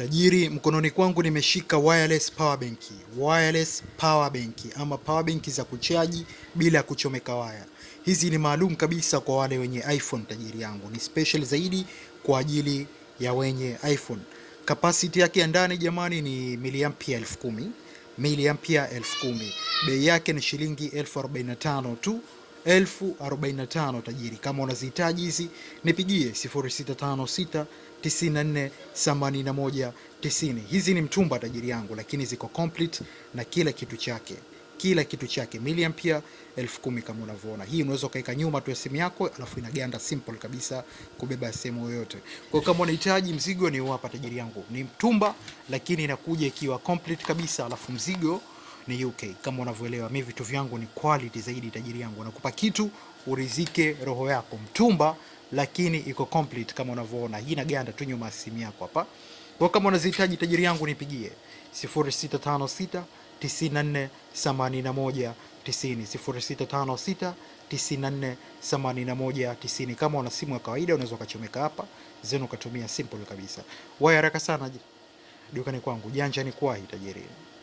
tajiri, mkononi kwangu nimeshika wireless power bank, wireless power bank ama power bank za kuchaji bila ya kuchomeka waya. Hizi ni maalum kabisa kwa wale wenye iPhone. Tajiri yangu ni special zaidi kwa ajili ya wenye iPhone. Capacity yake ya ndani jamani ni miliampia elfu kumi, miliampia elfu kumi. Bei yake ni shilingi elfu arobaini na tano tu elfu 45 tajiri. Kama unazihitaji hizi nipigie 0656948190. Hizi ni mtumba tajiri yangu, lakini ziko complete na kila kitu chake kila kitu chake miliampia elfu kumi kama unavyoona hii, unaweza ukaweka nyuma tu ya simu yako, alafu inaganda simple kabisa kubeba sehemu yoyote. Kwa hiyo kama unahitaji mzigo, ni hapa tajiri yangu, ni mtumba lakini inakuja ikiwa complete kabisa, alafu mzigo ni UK. Kama unavyoelewa, mimi vitu vyangu ni quality zaidi, tajiri yangu. Nakupa kitu urizike roho yako, mtumba lakini iko complete kama unavyoona, hii na ganda tu nyuma simu yako hapa. Kwa kama unazihitaji tajiri yangu, nipigie 0656 94 Kama una simu ya kawaida unaweza ukachomeka hapa zenu ukatumia simple kabisa. Waya haraka sana dukani kwangu, janja ni kwahi tajiri.